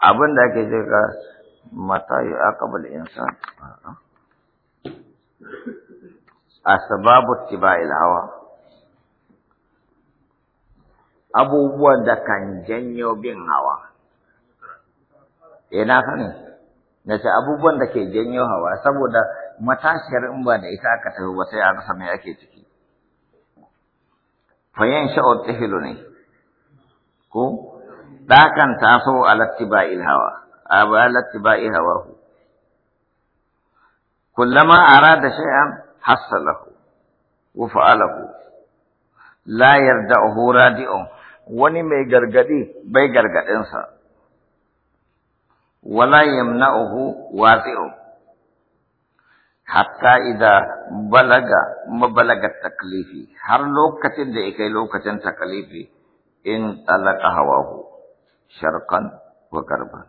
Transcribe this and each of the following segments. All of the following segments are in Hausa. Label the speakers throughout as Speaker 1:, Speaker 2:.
Speaker 1: abin da ake jirga mata yi aqabal a sababin tiba'il hawa abubuwan da kan janyo bin hawa ina eh, ne na ce abubuwan da ke janyo hawa saboda matashiyar in ba da ita aka tafi ba sai a rasa mai ake ciki fayan sha'ar tahilu ne ko ɗakan taso a lattiba'il hawa a ba lattiba'il hawa kullama arada shay'an hassalahu wa fa'alahu la yarda'uhu radi'un wani mai gargadi bai gargadinsa wala yamna'uhu wasi'u hatta idza balaga mabalaga taklifi har lokacin da yake lokacin taklifi in talaka ku. شرقا وغربا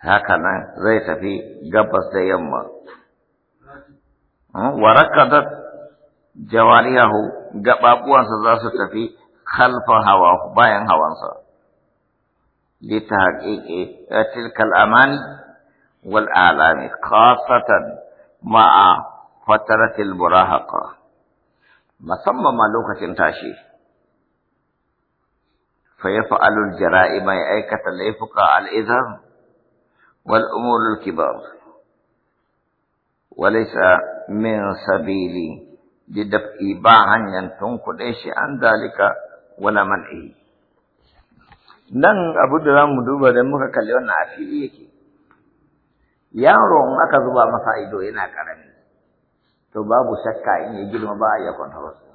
Speaker 1: هكذا ليس في قبس يما وركضت جواريه قبابوا سزاسو في خلف هوا باين هوا لتحقيق تلك الأماني والآلام خاصة مع فترة المراهقة مسمى ما لوكة تاشي فيفعل الجرائم يأيكة ليفقى على الإذن والأمور الكبار وليس من سبيل لدفع باعا كل شيء عن ذلك ولا منعه نن أبو دلام مدوبة دموك كاليون عفيلي يارون أكذبا مسائدو إنا كرمي تو بابو شكا إن يجلو باعا يكون حرصه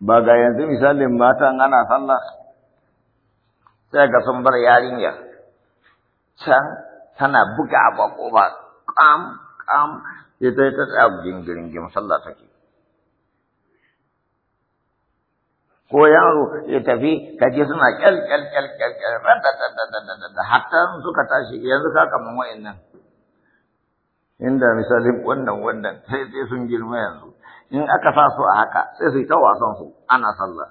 Speaker 1: ba ga yanzu misalin matan ana sallah sai ga sun bar yarinya can tana buga ba ko ba kam kam sai ta tsaya gingirin gim sallah take ko yaro ya tafi kaje suna kyal kyal kyal kyal kyal da hatta suka tashi yanzu ka kaman wa'annan inda misalin wannan wannan sai sai sun girma yanzu in aka sa su a haka sai su yi ta wasan su ana sallah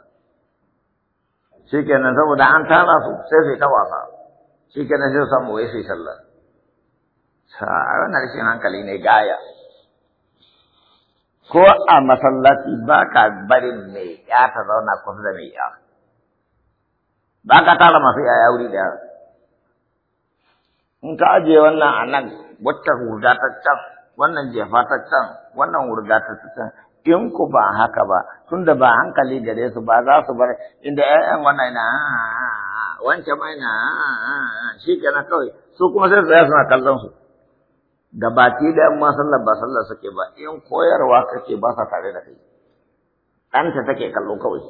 Speaker 1: shikenan saboda an tara su sai su yi ta wasa shikenan sai su samu wai su yi sallah a wannan rashin hankali ne gaya ko a masallaci ba ka barin mai ya ta zauna kusa da mai ya ba ka tara masu yaya wuri da in ka ajiye wannan a nan wata hurga ta can wannan jefa ta can wannan hurga ta can in ku ba haka ba tunda ba hankali gare su ba za su bar inda ƴaƴan wannan ina ah, ah, ah, wancan ma ina shi kenan kawai su kuma sai tsaya suna kallon su baki da amma sallar ba sallar suke ba in koyarwa kake ba sa tare da kai ɗanta take kallo kawai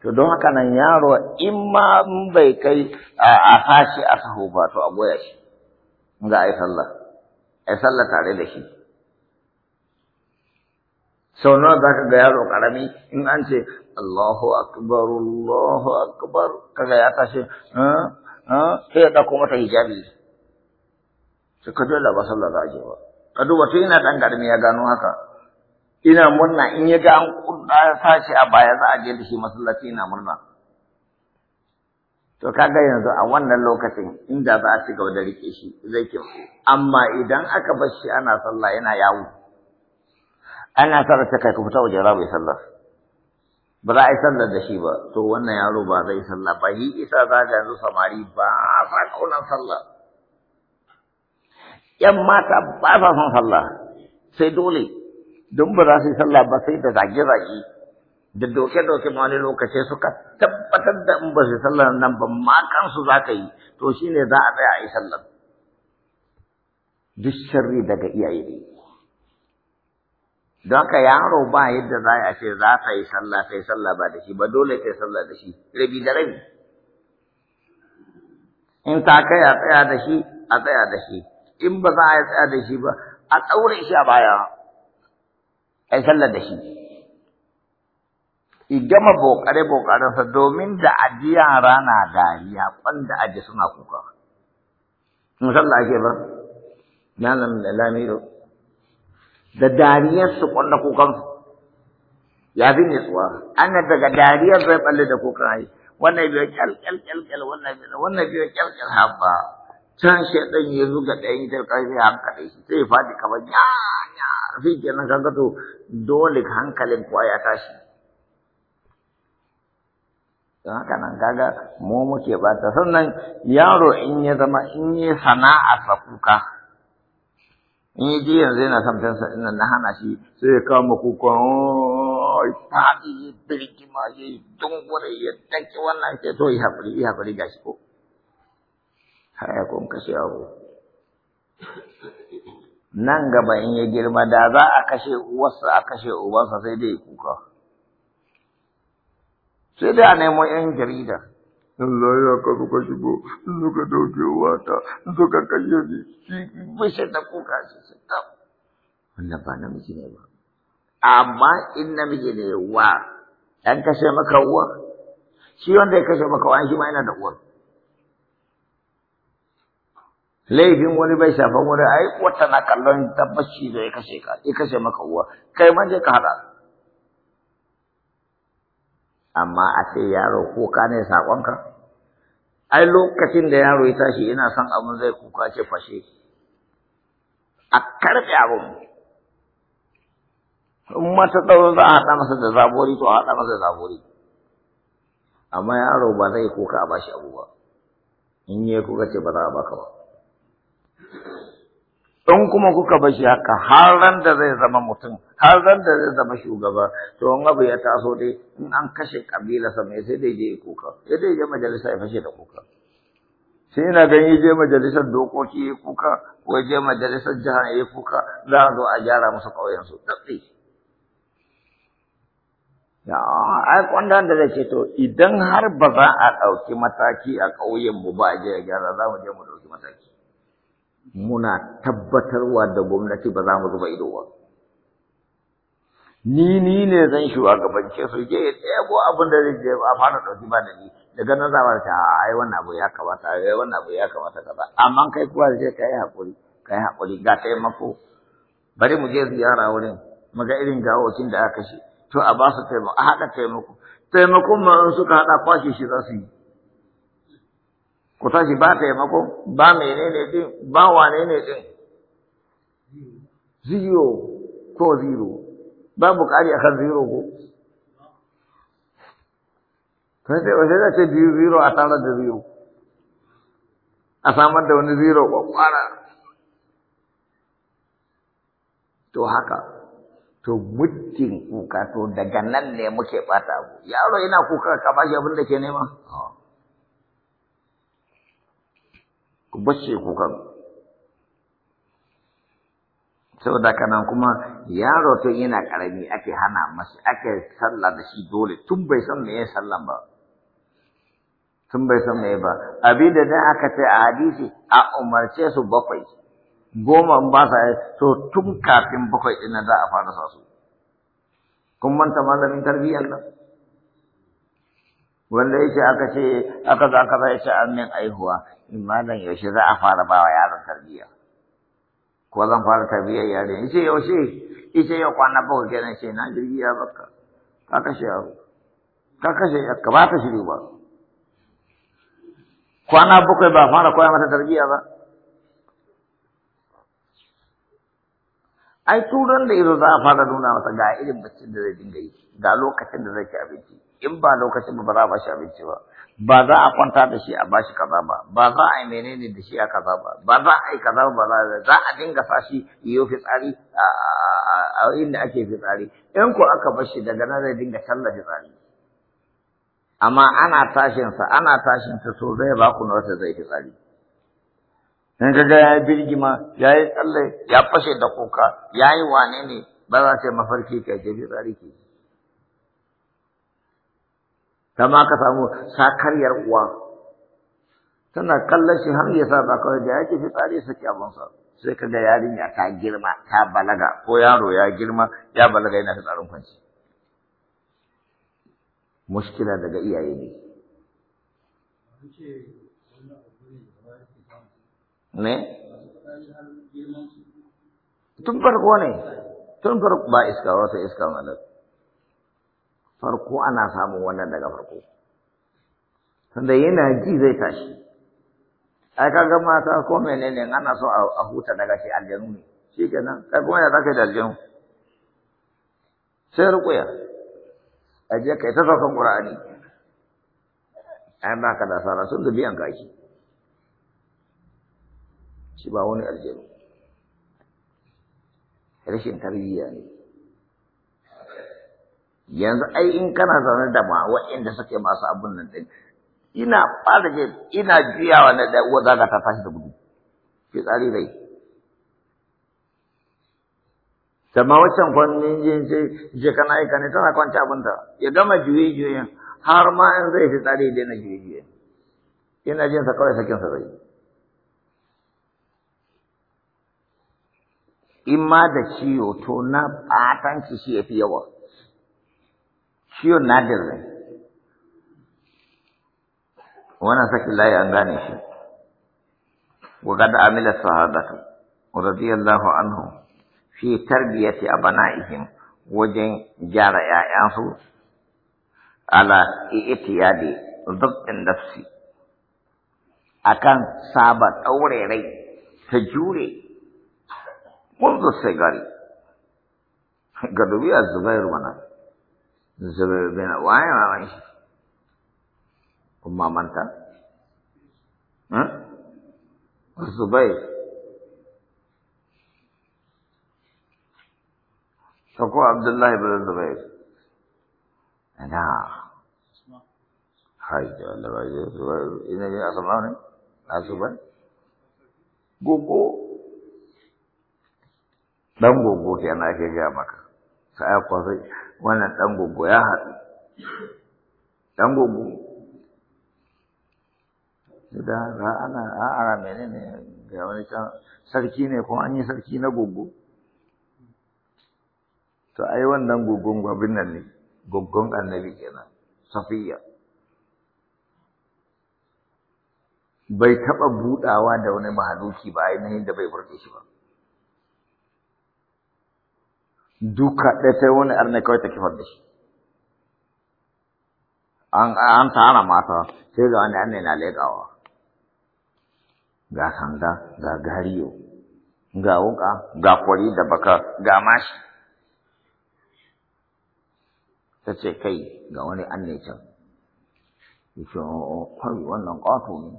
Speaker 1: to don haka nan yaro in ma bai kai a fashi a sahu ba to a goya shi ga ai sallah ai sallah tare da shi sau nawa za ka ga yaro karami in an ce Allahu akbar Allahu akbar kaga ya tashi sai ya dauko mata hijabi sai ka dole ba sallah za a je ba ka duba tun ina ɗan garmi ya gano haka ina murna in ya ga an kudda ya sashi a baya za a je da shi masallaci ina murna to kaga yanzu a wannan lokacin inda za a ci gaba da rike shi zai kyau amma idan aka bar shi ana sallah yana yawo ana sa ta kai ku fita waje ra bai sallah ba za a yi sallah da shi ba to wannan yaro ba zai sallah ba yi isa za ga yanzu samari ba sa kaunan sallah yan mata ba sa son sallah sai dole don ba za su yi sallah ba sai da zage-zage da doke-doke ma wani lokaci suka tabbatar da in ba su sallah nan ba ma kansu za ka yi to shine za a tsaya a yi sallah duk sharri daga iyaye ne don ka yaro ba yadda za a ce za ta yi sallah ta yi sallah ba da shi ba dole ta yi sallah da shi rabi da rabi in ta kai a tsaya da shi a tsaya da shi in ba za a yi tsaya da shi ba a tsaure shi a baya a yi sallah da shi i gama bokare bokarensa domin da ajiya rana na dariya kwanda aji suna kuka in sallah ake ba na lamiro da dariyar su kukan kukansu ya fi nutsuwa an yi daga dariyar zai balle da kukan ai wannan biyo kyalkyalkyal wannan biyo wannan biyo kyalkyal haba can dan ya zuga ɗayan ita ƙarfi hankali shi sai faɗi kamar ya ya fi kenan kaga to dole hankalin kuwa ya tashi don haka nan kaga mu muke bata sannan yaro in ya zama in yi sana'a sa kuka in yi ji yanzu yana son kansa ina na hana shi sai ya kama kawo makukon faɗi ya birgima ya yi dungure ya take wannan ke to yi haƙuri yi haƙuri ga shi ko haya kun kashe abu nan gaba in ya girma da za a kashe uwarsa a kashe ubansa sai dai kuka sai dai a nemo yan jarida Allah ya ka suka shigo suka dauke wata suka kashe ni shi da kuka shi shi ta wannan ba namiji ne ba amma in namiji ne wa dan kashe maka uwa shi wanda ya kashe maka uwa shi ma yana da uwa laifin wani bai shafan wani ai wata na kallon tabbaci da ya kashe ka ya kashe maka uwa kai ma je ka hada amma a ce yaro ko ka ne saƙonka ai lokacin da yaro ya tashi ina son abin zai kuka ce fashe a karfe abin in mata tsawon za a haɗa masa da zabori to a haɗa masa da zabori amma yaro ba zai kuka a bashi abu ba in yi kuka ce ba za a baka ba in kuma kuka shi haka har ran da zai zama mutum har ran da zai zama shugaba to in abu ya taso dai in an kashe kabila sa mai sai dai je kuka sai dai je majalisa ya fashe da kuka sai ina ganin je majalisar dokoki ya kuka ko je majalisar jiha ya kuka za a zo a gyara musu ƙauyen su tafi ai kwandan da zai ce to idan har ba za a ɗauki mataki a ƙauyenmu ba a je a gyara za mu je mu ɗauki mataki muna tabbatarwa da gwamnati ba za mu zuba ido ba. Ni ni ne zan shugabance su je ya ko abin da zai a fara ɗauki ba da ni daga nan za ta ai wannan abu ya kamata ai wannan abu ya kamata kaza amma kai kuwa da je yi hakuri yi hakuri ga taimako bari mu je ziyara wurin mu ga irin gawocin da aka shi to a ba su taimako a haɗa taimako taimakon ma in suka haɗa kwashe shi za su yi ku tashi ba taimako ba menene din ba wane ne din zero ko zero babu kari akan zero ko kai sai wace da ce biyu zero a tare da zero a samar da wani zero kwakwara to haka to muddin kuka to daga nan ne muke bata yaro yana kuka ka bashi abin da ke nema ah. ku kan kukan saboda kanan kuma yaro tun yana karami ake hana masa ake sallah da shi dole tun bai san me ya sallan ba tun bai san me ba abin da da aka ce a hadisi a umarce su bakwai goma in ba sa so tun kafin bakwai ina za a fara sa su kun manta malamin tarbiyyar Allah wanda yake aka ce aka za ka zai ce an min aihuwa imanin yaushe za a fara ba wa yaron tarbiyya ko zan fara yare yaron ce yaushe ce yau kwana bawa kenan ce na jirgi ya baka ka kashe yaro ka kashe ka ba ka shiru ba
Speaker 2: kwana bakwai
Speaker 1: ba fara koya mata tarbiyya ba ai turan da yazo za a fara nuna masa ga irin baccin da zai dinga yi ga lokacin da zai ci abinci in ba lokacin ba za a bashi abinci ba ba za a kwanta da shi a bashi kaza ba ba za a yi menene da shi a kaza ba ba za a yi kaza ba za a dinga sa shi yiwo fitsari a inda ake fitsari in ko aka bashi daga nan zai dinga talla fitsari amma ana tashinsa ana tashinsa so zai ba ku na wata zai fitsari in ka ya yi birgima ya yi tsalle ya fashe da kuka ya yi wane ne ba za ta mafarki ka je tsari ke kama ka samu sakaryar uwa tana kallon shi har ya sa ba kawai da yake fitsari saki abinsa sai ka ga yarinya ta girma ta balaga ko yaro ya girma ya balaga yana tsarin kwanci mushkila daga iyaye ne me tun farko ne tun farko ba iska sai iska malar farko ana samun wannan daga farko Sanda yana ji zai tashi ai kaga mata ko menene ana so a huta daga shi aljanu ne shi kenan kai kuma ya zaka da aljanu sai rukuya aje kai ta saukan qur'ani ai ba ka da sara sun da biyan kaki shi ba wani aljanu rashin tarbiyya ne yanzu ai in kana zaune da ma waɗanda suke masu abun nan ɗin ina fara je ina juyawa na da uwa zaga ta tashi da gudu ke tsari rai amma waccan kwanin jin sai je kana aika ne tana kwanci abinta ya gama juye juyen har ma in zai fi tsari dai na juye juyen ina jin sa kawai sakin sa zai in ma da ciwo to na ɓatan shi ya fi yawa. Ciwon da ne, wannan sakin layi an gane shi, wadda da amila sahabatu, radiyallahu anhu, fi tarbiyyati a bana ihim wajen gyara ‘ya’yansu, ala iti ya de zubin nafsi, akan saba ɗaure rai ta jure. kudus sai gari ga dubi a zubair mana zubair bin waye maman shi kun mamanta zubair sako abdullahi bin zubair ina haida Allah ba ina ne asma ne asuba gogo dan gogo kenan ake gaya maka sai ya kwazai wannan dan gogo ya haɗu dan gogo da ga ana ana menene ga wani can sarki ne ko an yi sarki na gogo to ai wannan gogon gwabin nan ne gogon annabi kenan safiya bai taɓa buɗawa da wani mahaluki ba ainihin da bai burge shi ba duka ɗaya sai wani arne kawai ta kifar da shi an tara mata sai ga wani ne na leƙawa ga sanda ga gariyo ga wuka ga kwari da baka ga mashi ta ce kai ga wani ne can yake oh, oh, kwari wannan ƙwato ne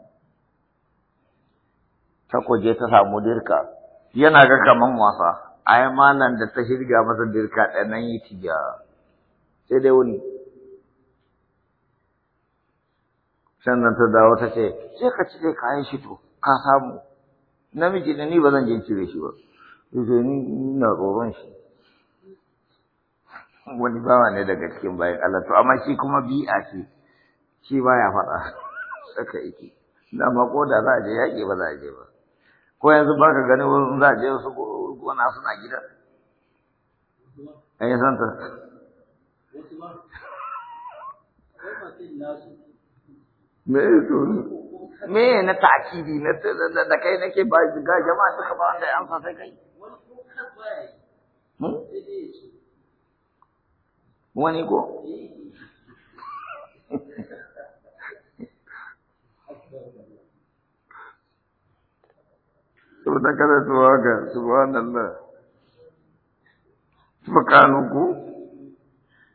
Speaker 1: ta kuje ta samu dirka yana ga kaman wasa ai malan da ta shirga masa dirka ɗaya nan yi tiya sai dai wani. sannan ta dawo ta ce sai ka cire kayan shi to ka samu namiji da ni ba zan je cire shi ba yace ni ina tsoron shi wani bawa ne daga cikin bayan Allah to amma shi kuma bi'a ce shi baya faɗa saka yake dama ko da za a je yaƙi ba za a je ba ko yanzu ka ganin wurin za a je wasu na suna gida ai san ta me to me na takidi na da kai nake ba ga jama'a suka ba da amsa sai kai hmm? wani ko to da kada ga haka subhanallah fakanu ku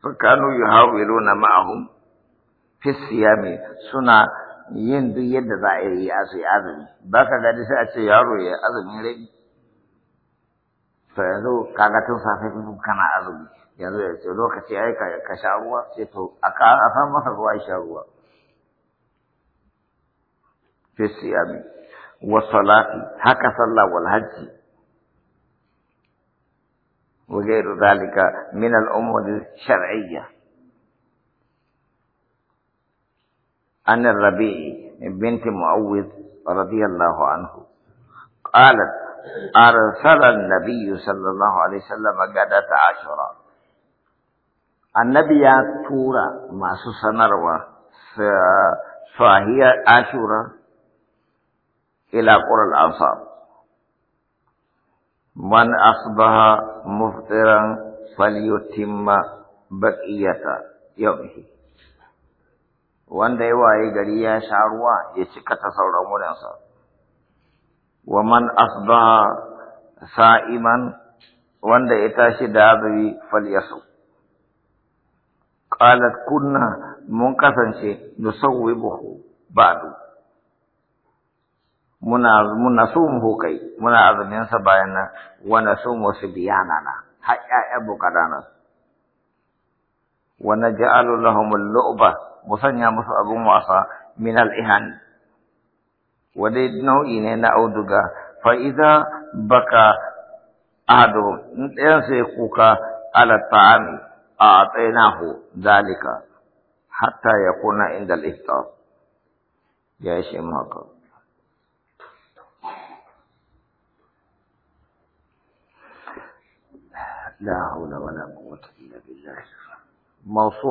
Speaker 1: fakanu yuhawiruna ma'ahum fi siyami suna yin duk yadda za a yi asu ya azumi ba ka gani sai a ce yaro ya azumin rai to yanzu kaga tun safe kana azumi yanzu ya ce lokaci ai ka sha ruwa sai to a ka a san masa ruwa ya sha ruwa fi siyami والصلاة حق صلى والحج وغير ذلك من الأمور الشرعية عن الربيع بنت معوذ رضي الله عنه قالت أرسل النبي صلى الله عليه وسلم قادة عشرة النبي يا تورا ما سنروا فهي عشرة إلى قرى Man من أصبح مفطرا فليتم بقية يومه wanda ya waye gari ya sha ruwa ya cika ta sauran wurinsa wa man asbaha sa'iman wanda ya tashi da azumi falyasu qalat kunna mun kasance nusawwibuhu ba'du muna muna mu kai muna azumin sa bayan nan wa nasumu na har yaya bukadana wa naj'alu lahum al-lu'ba musanya musu abun wasa min al-ihan wa dai nau'i ne na auduga fa idza baka ahadu in ɗayan sai kuka ala ta'ami a tsainahu zalika hatta yakuna inda al-iftar ya shi maka لا حول ولا قوة إلا بالله موصوع